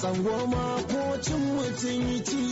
tsangwama ko cin mutunci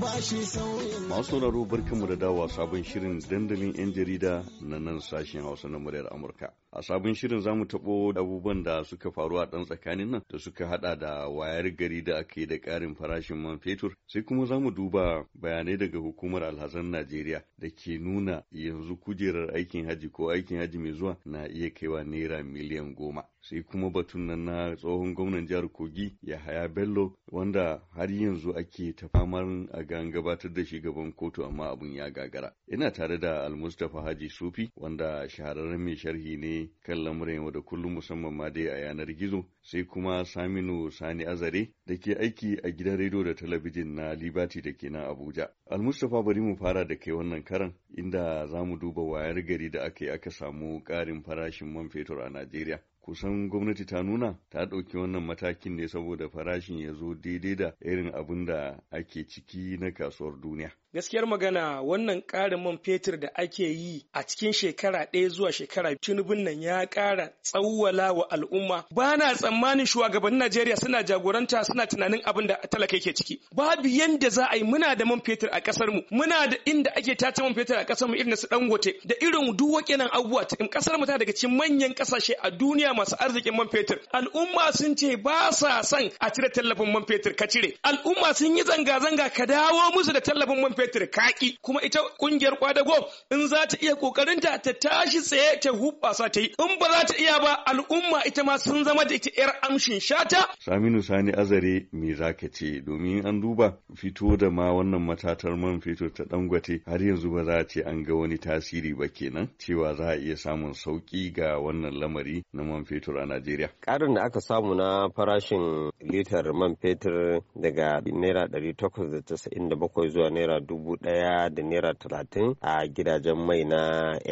ba shi sauyin. Masu sauraro barkanmu da dawa sabon shirin dandalin 'yan jarida na nan sashen Hausa na muryar Amurka. A sabon shirin za mu taɓo abubuwan da suka faru a ɗan tsakanin nan da suka haɗa da wayar gari da aka da ƙarin farashin man fetur. Sai kuma za mu duba bayanai daga hukumar alhazan Najeriya da ke nuna yanzu kujerar aikin haji ko aikin haji mai zuwa na iya kaiwa naira miliyan goma. Sai kuma batun nan na tsohon gwamnan jihar Kogi ya haya Bello Bello wanda har yanzu ake ta famar a gan gabatar da shi gaban kotu amma abun ya gagara. Ina tare da Almustapha Haji Sufi wanda shahararren mai sharhi ne kan lamuran yau da kullum musamman ma dai a yanar gizo sai kuma Saminu Sani Azare da ke aiki a gidan rediyo da talabijin na libati da ke nan Abuja. Almustapha bari mu fara da kai wannan karan inda za mu duba wayar gari da aka yi aka samu ƙarin farashin man fetur a Najeriya. kusan gwamnati ta nuna ta ɗauki wannan matakin ne saboda farashin ya zo daidai da irin abin da ake ciki na kasuwar duniya. gaskiyar magana wannan ƙarin man fetur da ake yi a cikin shekara ɗaya zuwa shekara tunubin nan ya ƙara tsawwala wa al'umma ba na tsammanin shugabannin najeriya suna jagoranta suna tunanin abin da talaka yake ciki babu yadda za a yi muna da man fetur a ƙasar mu muna da inda ake tace man fetur a ƙasar mu irin su dangote da irin duk nan abubuwa cikin ƙasar mu ta daga cikin manyan ƙasashe a duniya masu arzikin man fetur al'umma sun ce ba sa son a cire tallafin man fetur ka cire al'umma sun yi zanga-zanga ka dawo musu da tallafin man fetur kaki kuma ita kungiyar kwadago in za ta iya kokarinta ta tashi tsaye ta hubbasa ta yi in ba za ta iya ba al'umma ita ma sun zama da ita yar amshin shata Saminu Sani Azare me zaka ce domin an duba fito da ma wannan matatar man fetur ta dangwate har yanzu ba za a ce an ga wani tasiri ba kenan cewa za a iya samun sauki ga wannan lamari na man fetur a Najeriya Karin da aka samu na farashin litar man fetur daga naira 897 zuwa naira dubu ɗaya da naira talatin a gidajen mai na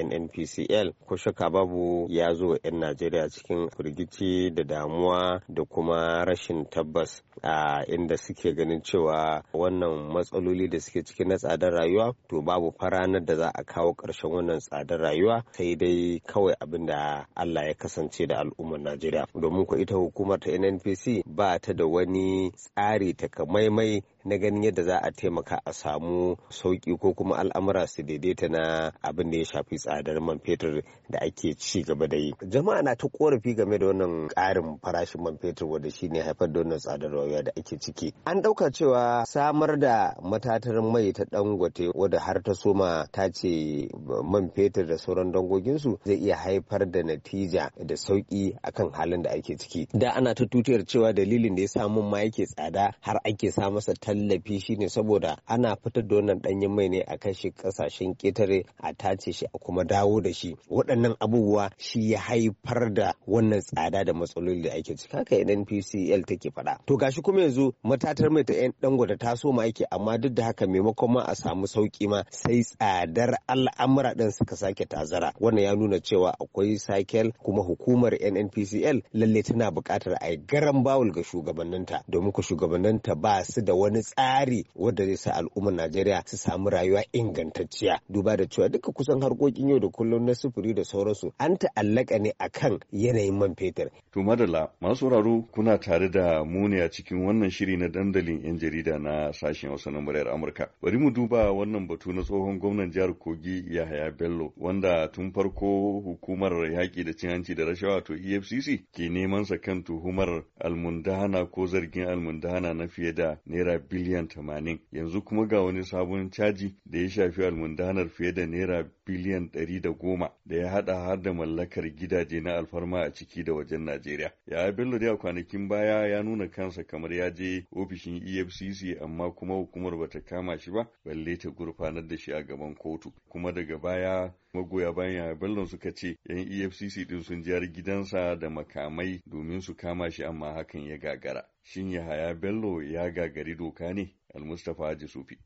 nnpcl ko shaka babu ya zo 'yan najeriya cikin firgici da damuwa da kuma rashin tabbas a inda suke ganin cewa wannan matsaloli da suke cikin na tsadar rayuwa to babu faranar da za a kawo ƙarshen wannan tsadar rayuwa sai dai kawai abin da allah ya kasance da al'ummar najeriya domin ku ita hukumar ta nnpc ba ta da wani tsari takamaimai na ganin yadda za a taimaka a samu sauƙi ko kuma al'amura su daidaita na abin da ya shafi tsadar man fetur da ake ci gaba da yi jama'a na ta korafi game da wannan ƙarin farashin man fetur wanda shi ne haifar da wannan tsadar rayuwa da ake ciki an ɗauka cewa samar da matatar mai ta dangote wadda har ta soma ta ce man fetur da sauran dangoginsu zai iya haifar da natija da sauƙi akan halin da ake ciki da ana ta cewa dalilin da ya samun ma yake tsada har ake sa masa tallafi ne saboda ana fitar da wannan danyen mai ne a kai shi kasashen ketare a tace shi a kuma dawo da shi waɗannan abubuwa shi ya haifar da wannan tsada da matsaloli da ake ciki haka NPCL take faɗa to gashi kuma yanzu matatar mai ta yan gwada ta so ma yake amma duk da haka maimakon ma a samu sauki ma sai tsadar al'amura ɗin suka sake tazara wannan ya nuna cewa akwai sakel kuma hukumar NNPCL lalle tana buƙatar a yi garan bawul ga shugabanninta domin ku shugabanninta ba su da wani wani tsari wanda zai sa al'ummar Najeriya su samu rayuwa ingantacciya duba da cewa duka kusan harkokin yau da kullum na sufuri da sauransu an ta'allaka ne akan yanayin man fetur. To madalla masu sauraro kuna tare da mu a cikin wannan shiri na dandalin 'yan jarida na sashen Hausa na muryar Amurka. Bari mu duba wannan batu na tsohon gwamnan jihar Kogi Yahaya Bello wanda tun farko hukumar yaƙi da cin hanci da rashawa to EFCC ke neman sa kan tuhumar almundahana ko zargin almundahana na fiye da naira biliyan tamanin yanzu kuma ga wani sabon caji da ya shafi almundanar fiye da naira biliyan ɗari da goma da ya haɗa har da mallakar gidaje na alfarma a ciki da wajen Najeriya. Ya Bello da kwanakin baya ya nuna kansa kamar ya je ofishin EFCC amma kuma hukumar bata kama shi ba balle ta gurfanar da shi a gaban kotu kuma daga baya magoya bayan ya Bello suka ce yan EFCC din sun jiyar gidansa da makamai domin su kama shi amma hakan ya gagara. shin Yahaya Bello ya gagari doka ne? Almustapha ji Sufi.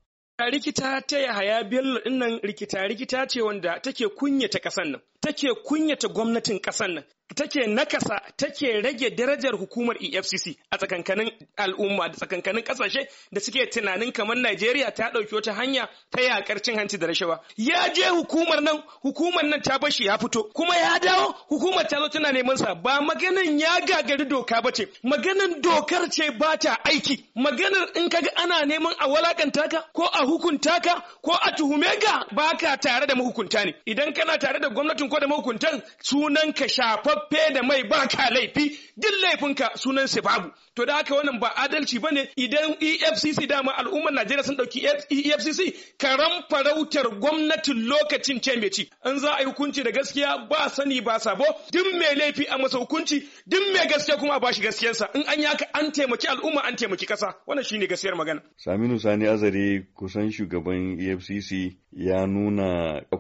Rikita ta Yahaya Bello dinnan rikita rikita ce wanda take kunyata ƙasar nan, take kunyata gwamnatin ƙasar nan, take nakasa take rage darajar hukumar EFCC a tsakankanin al'umma da tsakankanin kasashe da suke tunanin kamar Najeriya ta ɗauki wata hanya ta yakar cin hanci da rashawa. Ya je hukumar nan, hukumar nan ta bashi ya fito, kuma ya dawo hukumar ta zo tana neman sa ba maganin ya gagari doka ba ce, maganin dokar ce ba ta aiki, maganar in kaga ana neman a walakanta ka ko a hukunta ka ko a tuhume ka ba ka tare da mahukunta ne. Idan kana tare da gwamnatin ko da mahukuntan sunan ka shafa fe da mai ba ka laifi duk laifinka sunan babu to da haka wannan ba adalci bane idan EFCC dama al'ummar Najeriya sun dauki EFCC e karam farautar gwamnatin lokacin ce mai ci An za a yi hukunci da gaskiya ba sani ba sabo duk mai laifi a masa hukunci duk mai gaskiya kuma a bashi gaskiyarsa in an haka an taimaki al'umma an taimaki kasa wannan shine gaskiyar magana Saminu Sani Azare kusan shugaban EFCC ya nuna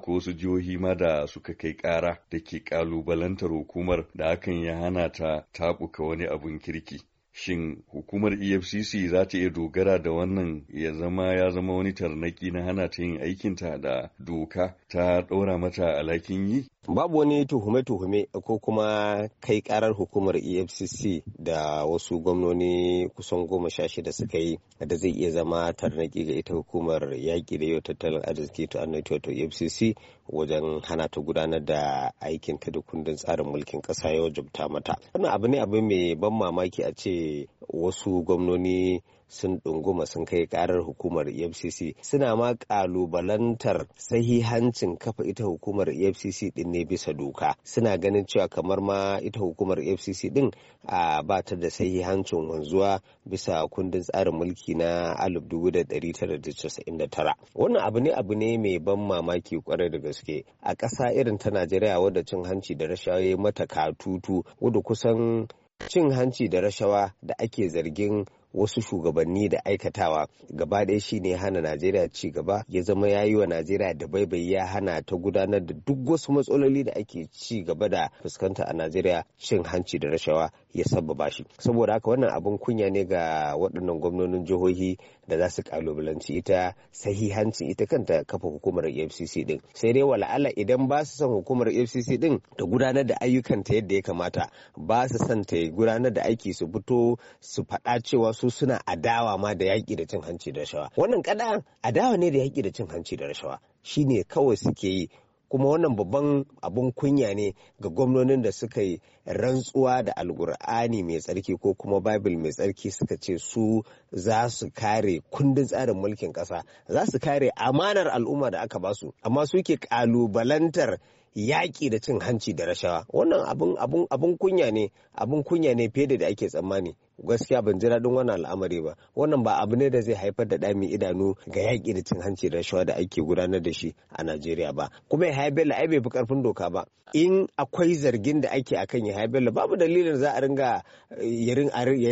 ko su jihohi ma da suka kai kara da ke kalubalantar hukumar da hakan ya hana ta tabuka wani abun kirki shin hukumar efcc za ta iya dogara da wannan ya zama ya zama wani tarnaki na hana ta yin aikinta da doka ta ɗaura mata alhakin yi babu wani tuhume-tuhume ko kuma kai karar hukumar efcc da wasu gwamnoni kusan goma sha shida suka yi da zai iya zama tarnaki ga ita hukumar yaƙi da yau tattalin arziki ta annati wato efcc wajen hana ta gudanar da aikin ta da kundin tsarin mulkin ƙasa ya wajabta mata wannan abu ne abu mai ban mamaki a ce wasu gwamnoni sun ɗunguma sun kai karar hukumar efcc suna ma ƙalubalantar sahihancin kafa ita hukumar efcc ɗin ne bisa doka suna ganin cewa kamar ma ita hukumar efcc ɗin a bata da sahihancin wanzuwa bisa kundin tsarin mulki na 1999 wannan abu ne abu ne mai ban mamaki kwarai da gaske a ƙasa irin ta najeriya wadda cin hanci da rashawa mata katutu wadda kusan cin hanci da rashawa da ake zargin wasu shugabanni da aikatawa gaba ɗaya shine hana najeriya ci gaba ya zama ya yi wa najeriya da baibai ya hana ta gudanar da duk wasu matsaloli da ake ci gaba da fuskanta a najeriya cin hanci da rashawa ya sabbaba shi saboda haka wannan abin kunya ne ga waɗannan gwamnonin jihohi da za su kalubalanci ita sahihanci ita kanta kafa hukumar efcc din sai dai wala'ala idan ba su son hukumar efcc din ta gudanar da ayyukanta yadda ya kamata ba su son ta gudanar da aiki su fito su faɗa cewa su suna adawa ma da yaƙi da cin hanci da rashawa wannan kada adawa ne da yaƙi da cin hanci da rashawa shine kawai suke yi kuma wannan babban abun kunya ne ga gwamnonin da suka yi rantsuwa da alkur'ani mai tsarki ko kuma bible mai tsarki suka ce su za su kare kundin tsarin mulkin ƙasa za su kare amanar al'umma da aka basu amma suke ƙalubalantar yaƙi da cin hanci da rashawa wannan abun abun kunya ne abun kunya ne fiye da ake tsammani gaskiya ban ji daɗin wannan al'amari ba wannan ba abu ne da zai haifar da ɗami idanu ga yaƙi da cin hanci da rashawa da ake gudanar da shi a najeriya ba kuma ya bello ai bai fi ƙarfin doka ba in akwai zargin da ake akan ya bello babu dalilin za a ringa ya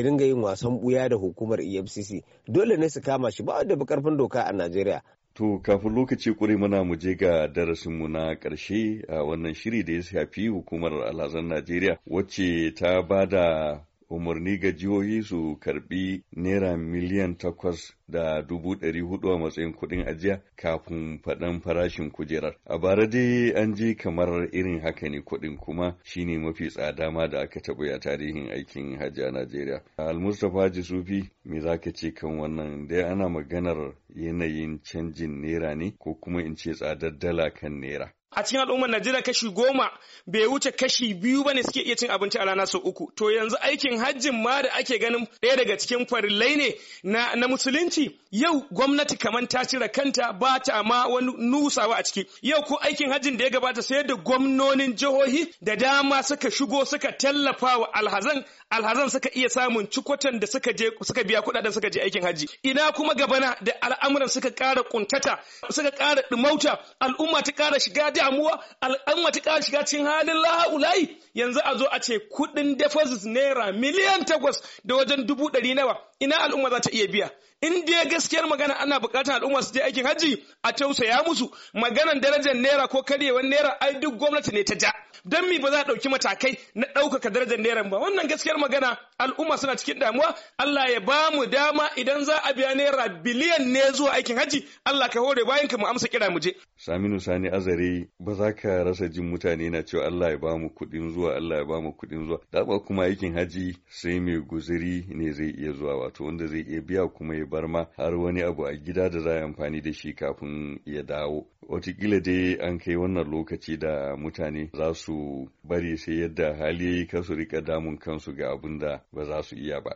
ringa yin wasan buya da hukumar efcc dole ne su kama shi ba wanda bi ƙarfin doka a najeriya To, kafin lokaci kure mana mu je ga darasinmu na ƙarshe a wannan shiri da ya shafi hukumar alhazan Najeriya wacce ta ba da umarni ga jihohi su karbi naira miliyan takwas da dubu ɗari hudu a matsayin kuɗin ajiya kafin faɗan farashin kujerar. A bara dai an ji kamar irin haka ne kuɗin kuma shine mafi tsada ma da aka taɓa a tarihin aikin hajji a Najeriya. almustapha jisufi Haji Sufi me za ka ce kan wannan dai ana maganar yanayin canjin naira ne ko kuma in ce tsadar dala kan naira. a cikin al'ummar Najeriya kashi goma bai wuce kashi biyu ba ne suke iya cin abinci a rana sau uku. To yanzu aikin hajjin ma da ake ganin ɗaya daga cikin farillai ne na, na musulunci yau gwamnati kamar ta cire kanta ba ta ma wani nusawa a ciki. Yau ko aikin hajjin da ya gabata sai da gwamnonin jihohi da dama suka shigo suka tallafa wa alhazan alhazan suka iya samun cikotan da suka je suka biya kuɗaɗen suka je aikin hajji. Ina kuma gabana da al'amuran suka ƙara ƙuntata, suka ƙara ɗumauta al'umma ta ƙara shiga damuwa al'amma ta ƙara shiga cikin halin laha'ulayi yanzu a zo a ce kuɗin deposit naira miliyan takwas da wajen dubu ɗari nawa ina al'umma za ta iya biya in dai gaskiyar magana ana buƙatar al'umma su je aikin hajji a tausaya musu maganan darajar naira ko karyewar naira ai duk gwamnati ne ta ja don mi ba za a ɗauki matakai na ɗaukaka darajar naira ba wannan gaskiyar magana al'umma suna cikin damuwa Allah ya ba mu dama idan za a biya naira biliyan ne zuwa aikin hajji Allah ka hore bayan ka mu amsa kira mu je Saminu Sani Azare ba za ka rasa jin mutane na cewa Allah ya ba mu kuɗin zuwa zuwa Allah ya bamu kuɗin zuwa dama kuma aikin haji sai mai guziri ne zai iya zuwa wato wanda zai iya biya kuma ya bar ma har wani abu a gida da za a amfani da shi kafin ya dawo watakila dai an kai wannan lokaci da mutane za su bari sai yadda hali ya yi kasu rika damun kansu ga abin da ba za su iya ba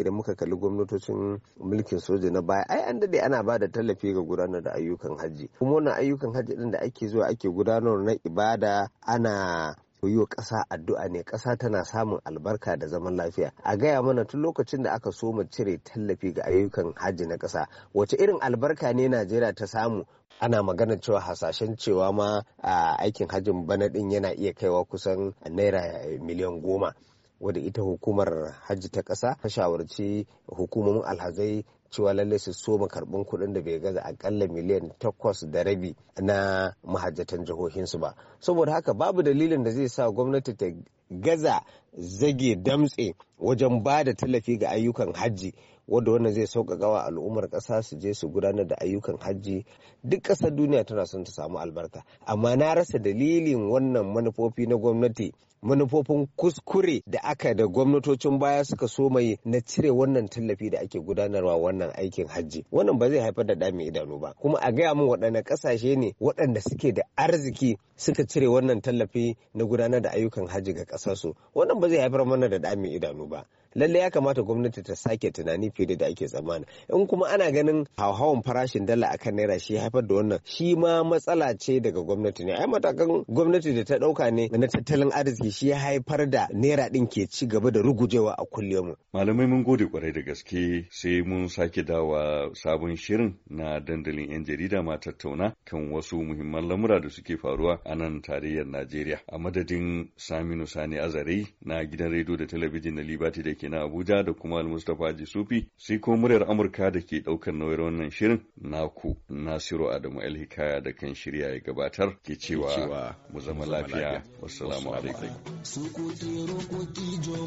idan muka kalli gwamnatocin mulkin soja na baya ai an daɗe ana ba da tallafi ga gudanar da ayyukan hajji kuma wannan ayyukan hajji din da ake zuwa ake gudanar na ibada ana yi wa ƙasa addu'a ne ƙasa tana samun albarka da zaman lafiya a gaya mana tun lokacin da aka soma cire tallafi ga ayyukan hajji na ƙasa wace irin albarka ne najeriya ta samu ana magana cewa hasashen cewa ma a aikin hajjin bana ɗin yana iya kaiwa kusan naira miliyan goma wadda ita hukumar hajji ta ƙasa ta shawarci hukumomin alhazai cewa lallai su soma karɓar kuɗin da bai gaza akalla miliyan takwas da rabi na mahajjatan jihohinsu ba saboda haka babu dalilin da zai sa gwamnati ta gaza zage damtse wajen ba da tallafi ga ayyukan hajji wadda wannan zai sauƙaƙa wa al'ummar ƙasa su je su gudanar da ayyukan hajji duk ƙasar duniya tana son ta samu albarka amma na rasa dalilin wannan manufofi na gwamnati manufofin kuskure da aka da gwamnatocin baya suka so mai na cire wannan tallafi da ake gudanarwa wannan aikin hajji wannan ba zai haifar da dami idanu ba kuma a gaya min waɗanne ƙasashe ne waɗanda suke da arziki suka cire wannan tallafi na gudanar da ayyukan hajji ga ƙasarsu wannan ba zai haifar mana da dami idanu ba lallai ya kamata gwamnati ta sake tunani fiye da ake tsammani in kuma ana ganin hauhawan farashin dala akan naira shi haifar da wannan shi ma matsala ce daga gwamnati ne ai matakan gwamnati da ta dauka ne na tattalin arziki shi ya haifar da naira din ke ci gaba da rugujewa a mu. malamai mun gode kwarai da gaske sai mun sake dawa sabon shirin na dandalin yan jarida ma tattauna kan wasu muhimman lamura da suke faruwa a nan tarayyar Najeriya a madadin Saminu Sani Azare na gidan rediyo da talabijin na libati da ke na Abuja da kuma Al-Mustapha Jisufi sai ko muryar Amurka da ke ɗaukar nauyin wannan shirin naku Nasiru Adamu Alhikaya da kan shirya ya gabatar ke cewa mu zama lafiya. Wassalamu alaikum. Sukuti rukuki jo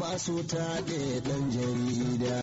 ba su taɗe dan jarida.